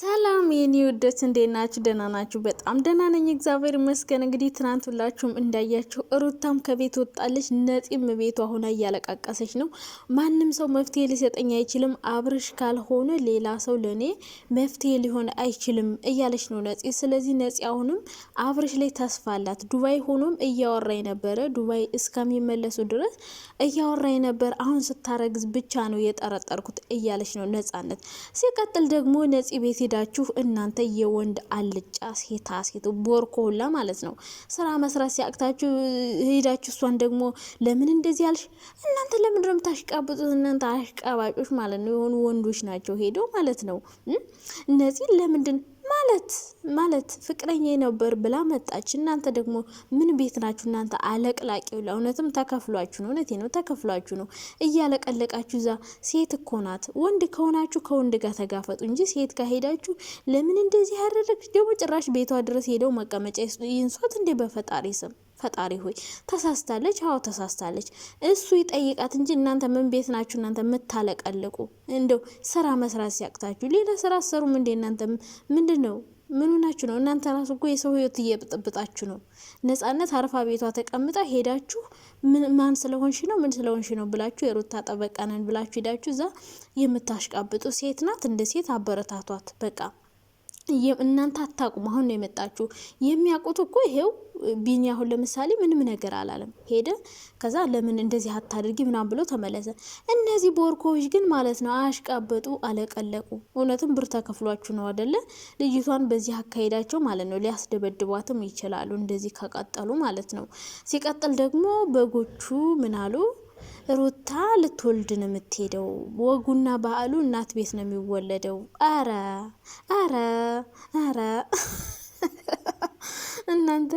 ሰላም የኔ ውደት እንዴት ናችሁ? ደህና ናችሁ? በጣም ደህና ነኝ፣ እግዚአብሔር ይመስገን። እንግዲህ ትናንት ሁላችሁም እንዳያችሁ እሩታም ከቤት ወጣለች፣ ነፂም ቤቷ ሆና እያለቃቀሰች ነው። ማንም ሰው መፍትሄ ሊሰጠኝ አይችልም፣ አብርሽ ካልሆነ ሌላ ሰው ለእኔ መፍትሄ ሊሆን አይችልም እያለች ነው ነፂ። ስለዚህ ነፂ አሁንም አብርሽ ላይ ተስፋ አላት። ዱባይ ሆኖም እያወራ የነበረ ዱባይ እስከሚመለሱ ድረስ እያወራ የነበረ አሁን ስታረግዝ ብቻ ነው የጠረጠርኩት እያለች ነው ነጻነት። ሲቀጥል ደግሞ ነፂ ቤት ሄዳችሁ እናንተ የወንድ አልጫ ሴታ ሴት ቦርኮ ሁላ ማለት ነው ስራ መስራት ሲያቅታችሁ ሄዳችሁ እሷን ደግሞ ለምን እንደዚህ ያልሽ እናንተ ለምን ነው የምታሽቃብጡት? እናንተ አሽቃባጮች ማለት ነው የሆኑ ወንዶች ናቸው ሄደው ማለት ነው እነዚህ ለምንድን ማለት ማለት ፍቅረኛ ነበር ብላ መጣች። እናንተ ደግሞ ምን ቤት ናችሁ እናንተ አለቅላቂው? ለእውነትም ተከፍሏችሁ ነው። እውነቴ ነው፣ ተከፍሏችሁ ነው እያለቀለቃችሁ። ዛ ሴት እኮ ናት። ወንድ ከሆናችሁ ከወንድ ጋር ተጋፈጡ እንጂ ሴት ጋር ለምን እንደዚህ ያደረግች ደግሞ ጭራሽ ቤቷ ድረስ ሄደው መቀመጫ ይንሷት እንዴ በፈጣሪ ስም። ፈጣሪ ሆይ ተሳስታለች። አዎ ተሳስታለች። እሱ ይጠይቃት እንጂ እናንተ ምን ቤት ናችሁ? እናንተ የምታለቀልቁ እንደው ስራ መስራት ሲያቅታችሁ ሌላ ስራ አሰሩም እንዴ? እናንተ ምንድን ነው ምኑ ናችሁ ነው? እናንተ ራሱ እኮ የሰው ህይወት እየበጠበጣችሁ ነው። ነጻነት አርፋ ቤቷ ተቀምጣ ሄዳችሁ ማን ስለሆንሽ ነው ምን ስለሆንሽ ነው ብላችሁ የሩታ ጠበቃ ነን ብላችሁ ሄዳችሁ እዛ የምታሽቃብጡ ሴት ናት። እንደ ሴት አበረታቷት በቃ። እናንተ አታውቁም። አሁን ነው የመጣችሁ። የሚያውቁት እኮ ይሄው ቢኒ አሁን ለምሳሌ ምንም ነገር አላለም። ሄደ ከዛ ለምን እንደዚህ አታድርጊ ምናም ብሎ ተመለሰ። እነዚህ ቦርኮች ግን ማለት ነው አሽቃበጡ፣ አለቀለቁ። እውነትም ብር ተከፍሏችሁ ነው አደለ? ልጅቷን በዚህ አካሄዳቸው ማለት ነው ሊያስደበድቧትም ይችላሉ፣ እንደዚህ ከቀጠሉ ማለት ነው። ሲቀጥል ደግሞ በጎቹ ምናሉ ሩታ ልትወልድ ነው የምትሄደው። ወጉና ባህሉ እናት ቤት ነው የሚወለደው። አረ አረ አረ እናንተ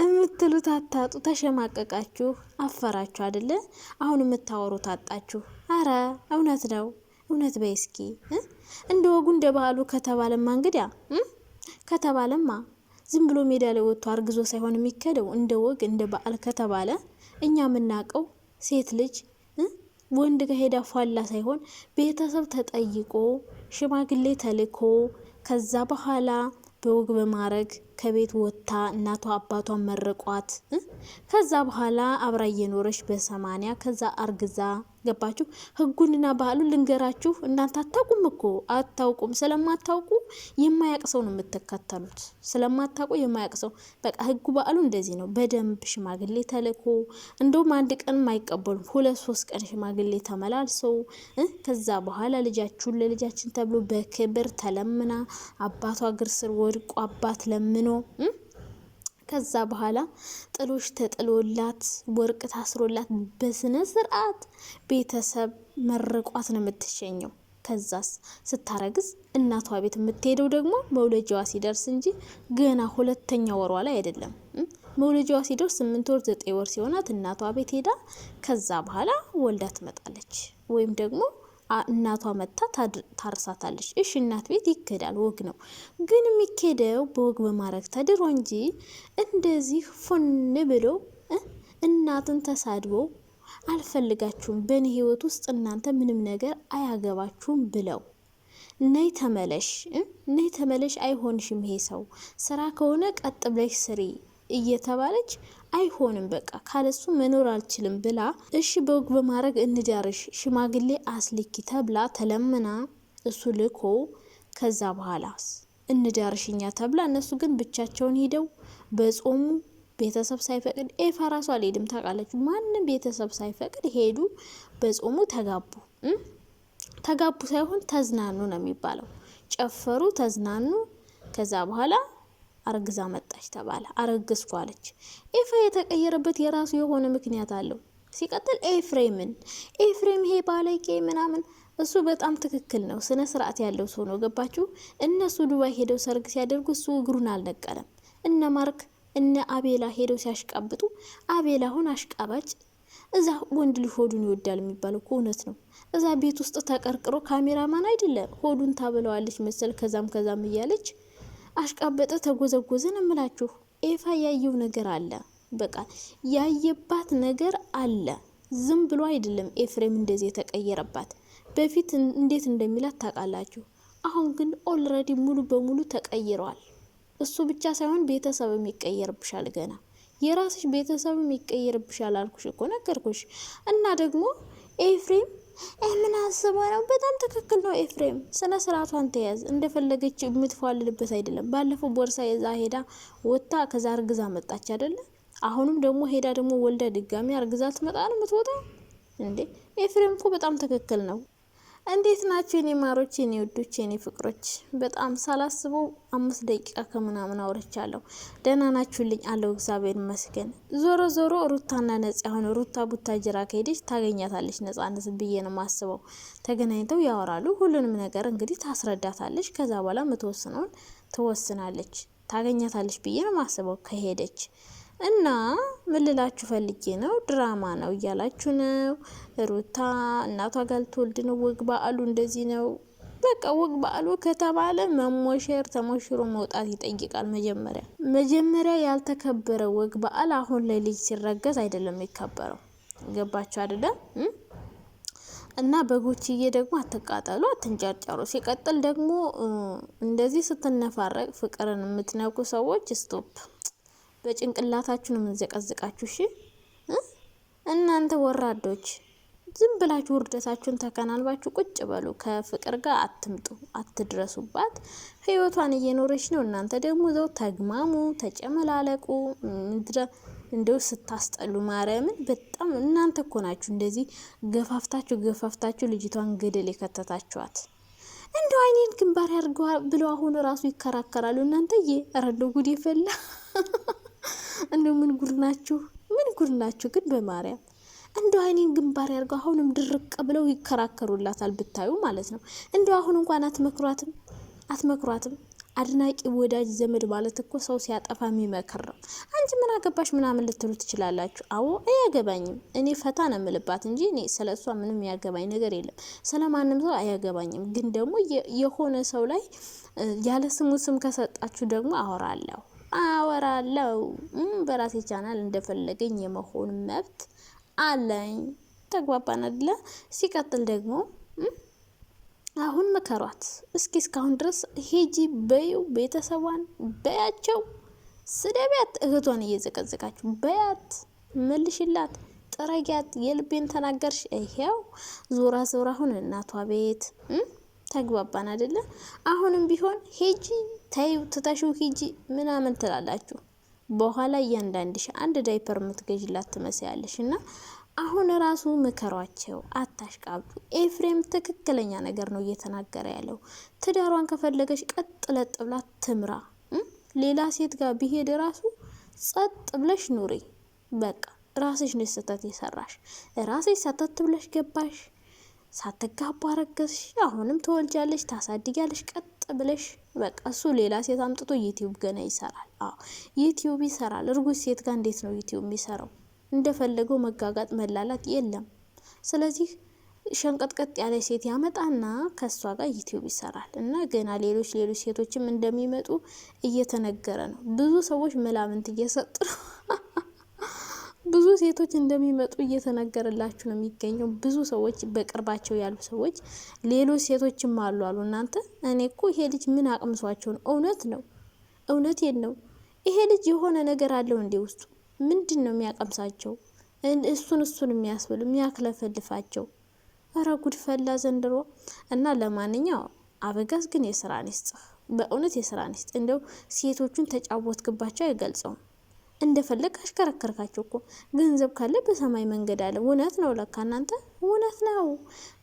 የምትሉት አታጡ። ተሸማቀቃችሁ፣ አፈራችሁ አደለ? አሁን የምታወሩት አጣችሁ። አረ እውነት ነው እውነት በይ እስኪ። እንደ ወጉ እንደ ባህሉ ከተባለማ እንግዲያ ከተባለማ ዝም ብሎ ሜዳ ላይ ወጥቶ አርግዞ ሳይሆን የሚከደው እንደ ወግ እንደ በዓል ከተባለ እኛ የምናውቀው ሴት ልጅ ወንድ ጋር ሄዳ ፏላ ሳይሆን ቤተሰብ ተጠይቆ ሽማግሌ ተልኮ ከዛ በኋላ በወግ በማድረግ ከቤት ወጥታ እናቷ አባቷን መረቋት። ከዛ በኋላ አብራ እየኖረች በሰማኒያ ከዛ አርግዛ ገባችሁ? ህጉንና ባህሉን ልንገራችሁ። እናንተ አታውቁም እኮ አታውቁም። ስለማታውቁ የማያቅ ሰው ነው የምትከተሉት። ስለማታውቁ የማያቅ ሰው በቃ ህጉ ባህሉ እንደዚህ ነው። በደንብ ሽማግሌ ተልኮ እንደውም አንድ ቀን አይቀበሉም። ሁለት ሶስት ቀን ሽማግሌ ተመላልሰው ከዛ በኋላ ልጃችሁን ለልጃችን ተብሎ በክብር ተለምና አባቷ እግር ስር ወድቆ አባት ለምኖ ከዛ በኋላ ጥሎሽ ተጥሎላት ወርቅ ታስሮላት በስነ ስርዓት ቤተሰብ መርቋት ነው የምትሸኘው። ከዛስ ስታረግዝ እናቷ ቤት የምትሄደው ደግሞ መውለጃዋ ሲደርስ እንጂ ገና ሁለተኛ ወሯ ላይ አይደለም። መውለጃዋ ሲደርስ ስምንት ወር ዘጠኝ ወር ሲሆናት እናቷ ቤት ሄዳ ከዛ በኋላ ወልዳ ትመጣለች ወይም ደግሞ እናቷ መታ ታርሳታለች። እሺ እናት ቤት ይከዳል ወግ ነው። ግን የሚኬደው በወግ በማድረግ ተድሮ እንጂ እንደዚህ ፉን ብሎ እናትን ተሳድቦ አልፈልጋችሁም፣ በእኔ ህይወት ውስጥ እናንተ ምንም ነገር አያገባችሁም ብለው ነይ ተመለሽ፣ ነይ ተመለሽ፣ አይሆንሽም፣ ይሄ ሰው ስራ ከሆነ ቀጥ ብለሽ ስሪ እየተባለች አይሆንም በቃ ካለሱ መኖር አልችልም ብላ እሺ በውግ በማድረግ እንዳርሽ ሽማግሌ አስልኪ ተብላ ተለምና እሱ ልኮ ከዛ በኋላ እንዳርሽኛ ተብላ እነሱ ግን ብቻቸውን ሄደው በጾሙ ቤተሰብ ሳይፈቅድ ኤፋ ራሱ አልሄድም ታውቃለች። ማንም ቤተሰብ ሳይፈቅድ ሄዱ። በጾሙ ተጋቡ። ተጋቡ ሳይሆን ተዝናኑ ነው የሚባለው። ጨፈሩ፣ ተዝናኑ። ከዛ በኋላ አረግዛ መጣች ተባለ። አረግዝኩ አለች። ኤፋ የተቀየረበት የራሱ የሆነ ምክንያት አለው። ሲቀጥል ኤፍሬምን ኤፍሬም ይሄ ባለቄ ምናምን እሱ በጣም ትክክል ነው፣ ስነ ስርዓት ያለው ሰው ነው። ገባችሁ? እነሱ ዱባይ ሄደው ሰርግ ሲያደርጉ እሱ እግሩን አልነቀለም። እነ ማርክ እነ አቤላ ሄደው ሲያሽቃብጡ አቤላ ሁን አሽቃባጭ እዛ ወንድ ልጅ ሆዱን ይወዳል የሚባለው እኮ እውነት ነው። እዛ ቤት ውስጥ ተቀርቅሮ ካሜራማን አይደለም ሆዱን ታብለዋለች መሰል ከዛም ከዛም እያለች አሽቃበጠ ነው የምላችሁ። ኤፋ ያየው ነገር አለ። በቃ ያየባት ነገር አለ። ዝም ብሎ አይደለም ኤፍሬም እንደዚህ የተቀየረባት። በፊት እንዴት እንደሚላት ታውቃላችሁ። አሁን ግን ኦልረዲ ሙሉ በሙሉ ተቀይረዋል። እሱ ብቻ ሳይሆን ቤተሰብም ይቀየርብሻል። ገና የራስሽ ቤተሰብም ይቀየርብሻል አልኩሽ እኮ ነገርኩሽ። እና ደግሞ ኤፍሬም ምን አስቦ ነው? በጣም ትክክል ነው ኤፍሬም። ስነ ስርዓቷን ተያዝ። እንደፈለገች የምትፏልልበት አይደለም። ባለፈው ቦርሳ የዛ ሄዳ ወጥታ ከዛ እርግዛ መጣች አይደለ? አሁንም ደግሞ ሄዳ ደግሞ ወልዳ ድጋሚ አርግዛ ትመጣ ነው የምትወጣ እንዴ? ኤፍሬም እኮ በጣም ትክክል ነው። እንዴት ናቸው የኔ ማሮች፣ የኔ ውዶች፣ የኔ ፍቅሮች? በጣም ሳላስበው አምስት ደቂቃ ከምናምን አውርቻለሁ። ደህና ናችሁልኝ? አለው እግዚአብሔር ይመስገን። ዞሮ ዞሮ ሩታና ነጻ የሆነ ሩታ ቡታጅራ ከሄደች ታገኛታለች ነጻነት ብዬ ነው ማስበው። ተገናኝተው ያወራሉ። ሁሉንም ነገር እንግዲህ ታስረዳታለች። ከዛ በኋላ የምትወስነውን ትወስናለች። ታገኛታለች ብዬ ነው ማስበው ከሄደች እና ምን ልላችሁ ፈልጌ ነው፣ ድራማ ነው እያላችሁ ነው። ሩታ እናቷ ጋር ልትወልድ ነው። ወግ በዓሉ እንደዚህ ነው። በቃ ወግ በዓሉ ከተባለ መሞሸር ተሞሽሮ መውጣት ይጠይቃል። መጀመሪያ መጀመሪያ ያልተከበረ ወግ በዓል አሁን ላይ ልጅ ሲረገዝ አይደለም የሚከበረው። ገባችሁ አይደለም? እና በጎችዬ ደግሞ አትቃጠሉ፣ አትንጨርጨሩ። ሲቀጥል ደግሞ እንደዚህ ስትነፋረቅ ፍቅርን የምትነኩ ሰዎች ስቶፕ በጭንቅላታችሁ ነው የምንዘቀዝቃችሁ። እሺ እናንተ ወራዶች ዝም ብላችሁ ውርደታችሁን ተከናንባችሁ ቁጭ በሉ። ከፍቅር ጋር አትምጡ፣ አትድረሱባት። ህይወቷን እየኖረች ነው። እናንተ ደግሞ ዘው ተግማሙ፣ ተጨመላለቁ። እንደው ስታስጠሉ ማርያምን በጣም እናንተ እኮ ናችሁ እንደዚህ ገፋፍታችሁ ገፋፍታችሁ ልጅቷን ገደል የከተታችኋት። እንደው አይኔን ግንባር ያድርገዋል ብለው አሁን ራሱ ይከራከራሉ። እናንተዬ ኧረ እንደው ጉድ ፈላ። እንደው ምን ጉድ ናችሁ? ምን ጉድ ናችሁ ግን በማርያም እንደው አይኔን ግንባር ያርገው አሁንም ድርቅ ብለው ይከራከሩላታል ብታዩ ማለት ነው። እንደው አሁን እንኳን አትመክሯትም፣ አትመክሯትም። አድናቂ ወዳጅ ዘመድ ማለት እኮ ሰው ሲያጠፋ የሚመክር ነው። አንቺ ምን አገባሽ ምናምን ልትሉ ትችላላችሁ። አዎ አያገባኝም። እኔ ፈታ ነው የምልባት እንጂ እኔ ስለ እሷ ምንም ያገባኝ ነገር የለም። ስለ ማንም ሰው አያገባኝም። ግን ደግሞ የሆነ ሰው ላይ ያለ ስሙ ስም ከሰጣችሁ ደግሞ አወራለሁ። አወራለው። በራሴ ቻናል እንደፈለገኝ የመሆን መብት አለኝ። ተግባባን አይደለ? ሲቀጥል ደግሞ አሁን መከሯት እስኪ። እስካሁን ድረስ ሄጂ በዩ ቤተሰቧን በያቸው፣ ስደቢያት፣ እህቷን እየዘቀዘቃችሁ በያት፣ መልሽላት፣ ጥረጊያት። የልቤን ተናገርሽ፣ ይሄው ዞራ ዞራ አሁን እናቷ ቤት ተግባባን አይደለ? አሁንም ቢሆን ሄጂ ተይው ትተሽው ሂጂ ምናምን ትላላችሁ። በኋላ እያንዳንድሽ አንድ ዳይፐር የምትገዥላት ትመስያለሽ። እና አሁን ራሱ ምከሯቸው፣ አታሽቃብጡ። ኤፍሬም ትክክለኛ ነገር ነው እየተናገረ ያለው። ትዳሯን ከፈለገች ቀጥ ለጥ ብላ ትምራ። ሌላ ሴት ጋር ቢሄድ ራሱ ጸጥ ብለሽ ኑሪ። በቃ ራስሽ ነው ስህተት የሰራሽ። ራስሽ ሰተት ብለሽ ገባሽ ሳትጋባ ረገዝሽ፣ አሁንም ትወልጃለሽ፣ ታሳድጊያለሽ፣ ቀጥ ብለሽ በቃ እሱ ሌላ ሴት አምጥቶ ዩቲዩብ ገና ይሰራል። አዎ ዩቲዩብ ይሰራል። እርጉዝ ሴት ጋር እንዴት ነው ዩቲዩብ የሚሰራው? እንደፈለገው መጋጋጥ መላላት የለም። ስለዚህ ሸንቀጥቀጥ ያለ ሴት ያመጣና ከእሷ ጋር ዩቲዩብ ይሰራል እና ገና ሌሎች ሌሎች ሴቶችም እንደሚመጡ እየተነገረ ነው። ብዙ ሰዎች መላምንት እየሰጡ ነው። ብዙ ሴቶች እንደሚመጡ እየተነገረላችሁ ነው የሚገኘው። ብዙ ሰዎች በቅርባቸው ያሉ ሰዎች ሌሎች ሴቶችም አሉ አሉ። እናንተ እኔ እኮ ይሄ ልጅ ምን አቅምሷቸው ነው? እውነት ነው፣ እውነት ነው። ይሄ ልጅ የሆነ ነገር አለው እንዴ? ውስጡ ምንድን ነው የሚያቀምሳቸው? እሱን እሱን የሚያስብል የሚያክለፈልፋቸው? እረ ጉድ ፈላ ዘንድሮ። እና ለማንኛው አበጋዝ ግን የስራ ንስጥ፣ በእውነት የስራ ንስጥ። እንደው ሴቶቹን ተጫወትክባቸው አይገልጸውም። እንደፈለግ አሽከረከርካቸው እኮ። ገንዘብ ካለ በሰማይ መንገድ አለ። እውነት ነው ለካ እናንተ፣ እውነት ነው።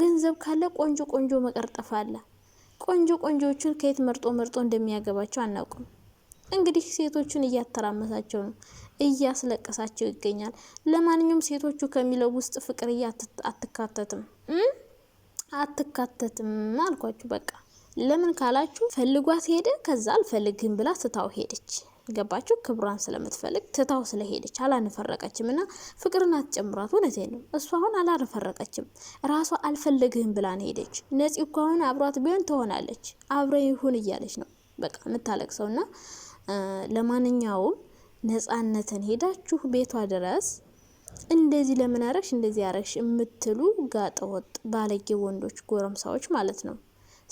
ገንዘብ ካለ ቆንጆ ቆንጆ መቀርጠፍ አለ። ቆንጆ ቆንጆዎቹን ከየት መርጦ መርጦ እንደሚያገባቸው አናውቅም። እንግዲህ ሴቶቹን እያተራመሳቸው ነው፣ እያስለቀሳቸው ይገኛል። ለማንኛውም ሴቶቹ ከሚለው ውስጥ ፍቅር አትካተትም አትካተትም አልኳችሁ። በቃ ለምን ካላችሁ ፈልጓት ሄደ። ከዛ አልፈልግም ብላ ስታው ሄደች። ገባችሁ? ክብሯን ስለምትፈልግ ትታው ስለሄደች አላንፈረቀችም። እና ፍቅርና ትጨምሯት እውነቴ ነው። እሱ አሁን አላንፈረቀችም፣ ራሷ አልፈልግህም ብላን ሄደች። ነፂ እኮ አሁን አብሯት ቢሆን ትሆናለች፣ አብረ ይሁን እያለች ነው በቃ የምታለቅሰው። እና ለማንኛውም ነፃነትን ሄዳችሁ ቤቷ ድረስ እንደዚህ ለምን አረግሽ እንደዚህ አረግሽ የምትሉ ጋጠወጥ ባለጌ ወንዶች ጎረምሳዎች ማለት ነው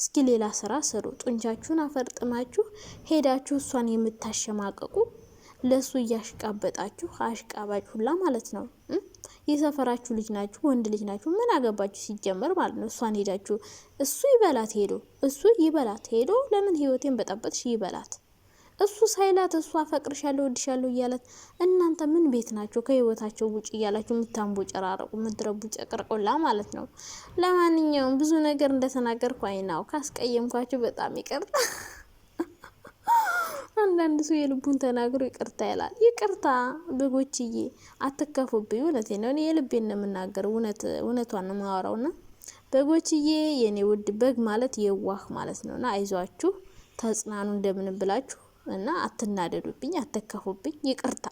እስኪ ሌላ ስራ ስሩ። ጡንቻችሁን አፈርጥማችሁ ሄዳችሁ እሷን የምታሸማቀቁ ለእሱ እያሽቃበጣችሁ አሽቃባጭ ሁላ ማለት ነው። የሰፈራችሁ ልጅ ናችሁ፣ ወንድ ልጅ ናችሁ። ምን አገባችሁ ሲጀመር ማለት ነው። እሷን ሄዳችሁ እሱ ይበላት ሄዶ እሱ ይበላት ሄዶ ለምን ህይወቴን በጠበጥሽ ይበላት እሱ ሳይላት እሱ አፈቅርሻለሁ እወድሻለሁ እያላት እናንተ ምን ቤት ናቸው? ከህይወታቸው ውጭ እያላችሁ የምታንቦ ጨራረቁ ምድረቡ ጨቅርቆላ ማለት ነው። ለማንኛውም ብዙ ነገር እንደተናገርኩ አይናው ካስቀየምኳችሁ በጣም ይቅርታ። አንዳንድ ሰው የልቡን ተናግሮ ይቅርታ ይላል። ይቅርታ በጎችዬ አትከፉብኝ። እውነቴ ነው። እኔ የልቤን ነው የምናገረው። እውነቷን ነው ና በጎችዬ የእኔ ውድ በግ ማለት የዋህ ማለት ነው። ና አይዟችሁ፣ ተጽናኑ እንደምን ብላችሁ እና አትናደዱብኝ፣ አትከፉብኝ፣ ይቅርታ